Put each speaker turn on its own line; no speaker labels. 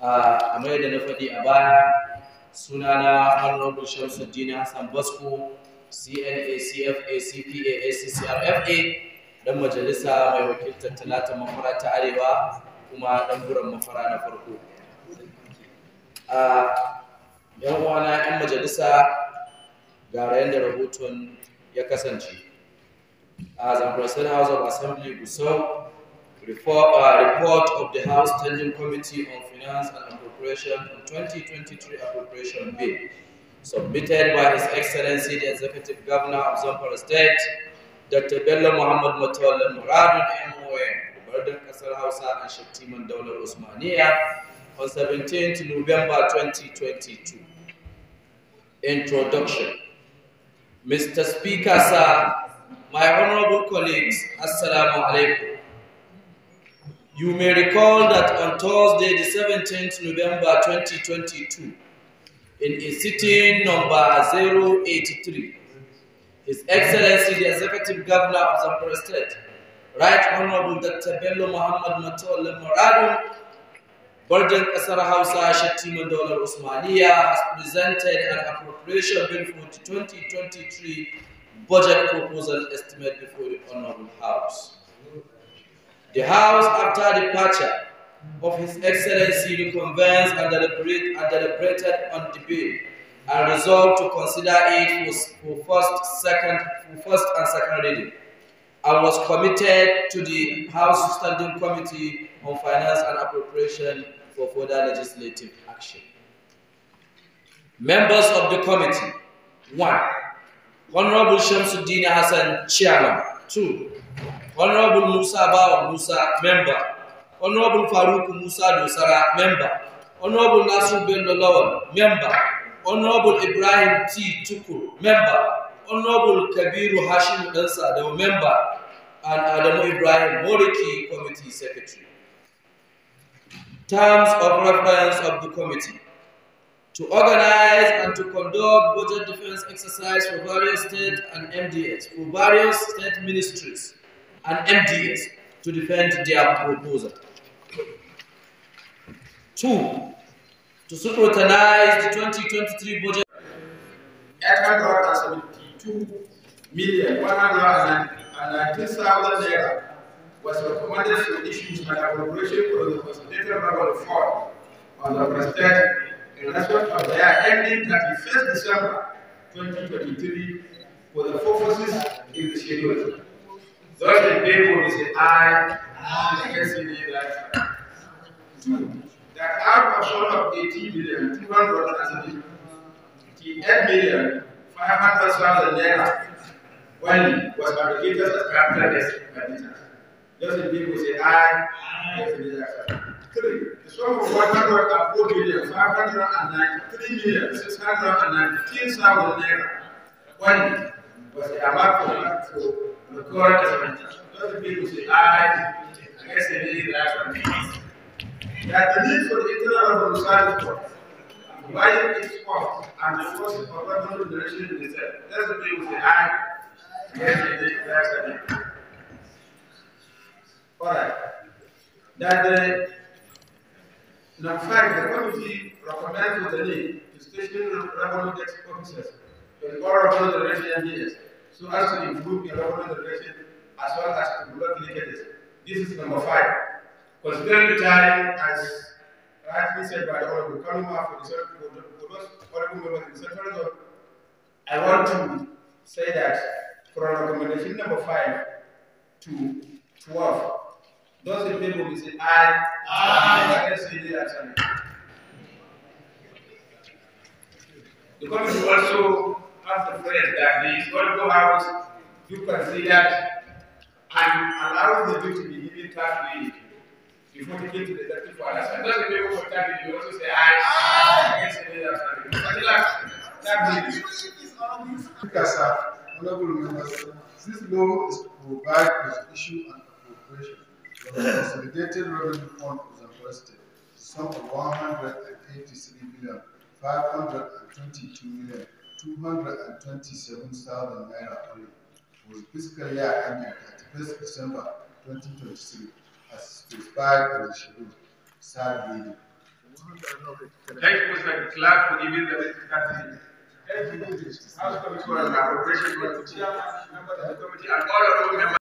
a mai da na faɗi a baya sunana honorable shamsuddin hassan basko cna cfa cpa accrfa dan majalisa mai wakiltar talata mafara ta arewa kuma dan buran mafara na farko yan uwana yan majalisa ga rayan da rahoton ya kasance a suna house of assembly gusau report, a uh, report of the House Standing Committee on Finance and Appropriation on 2023 Appropriation Bill, submitted by His Excellency the Executive Governor of Zamfara State, Dr. Bello Muhammad Matola Muradun the Burdan Kasar Hausa and Shaktiman Daular Usmaniya on 17th November 2022. Introduction. Mr. Speaker, sir, my honorable colleagues, Assalamu alaikum. You may recall that on Thursday, the 17th November 2022, in sitting number 083, His Excellency the Executive Governor of Zamfara State, Right Honorable Dr. Bello Muhammad Matola Moradu, Virgin Kasar Hausa Shatima Dollar Osmania has presented an appropriation bill for the 2023 budget proposal estimate before the Honorable House. The house after departure of His Excellency the convenes and deliberate and deliberated on the bill and resolved to consider it for, first, second, for first and second reading and was committed to the House Standing Committee on Finance and Appropriation for further legislative action. Members of the committee, one, Honorable Shamsuddin Hassan, Chairman, Two, Honourable Musa Bawa Musa, member. Honourable Farouk Musa Dosara, member. Honourable Nasu Ben Lawan, member. Honourable Ibrahim T. Tukur, member. Honourable Kabiru Hashim Elsa, the member. And Adamu Ibrahim Moriki, committee secretary. Terms of reference of the committee. to organize and to conduct budget defense exercise for various state and MDS, for various state ministries and MDS to defend their proposal. Two, to scrutinize the 2023 budget. 872 million, 119,000
naira was recommended for issues the corporation for the Constitutional Bank of fund
on the President
a record of the year ending 31st December 2023 for the purposes in the schedule. The Those in favor say aye. Aye. That out of short of 18 million, 288 million, 500,000 naira, only was allocated as capital expenditure. Just in people say I, Yes, in the Three. The sum of 104 million, 593 million, 619,000 naira. One was the amount for the Just in people say aye. Yes, in the That the need for the internal revolutionary force providing its cost and the forces of government generation in itself. That's the people say aye. Yes, in the last Alright. That the uh, number five, the committee recognizes the need to station revenue tax officers to empower revenue generation engineers so as to improve the revenue generation as well as to develop indicators. This is number five. Considering the time as rightly said by all the Honorable Kaluma for, the, for those Honorable members in the Central Zone, I want to say that from recommendation number five to 12, Those in favor will say aye. Aye. Against say nay. Abstain. The committee also has the phrase that the historical house do considered and allow the youth to be given that way before you get to the executive for And those in favor for that
you also say I I Against say nay. Abstain.
Particular that way. Kasa, honorable members, this law is to provide for issue and appropriation. consolidated revenue fund was invested to sum of 183 million 522 million 227,000 naira only for fiscal year ending 31st December 2023 as specified in the schedule. Sad reading. Thank you, Mr. Clark, for giving the Thank you, the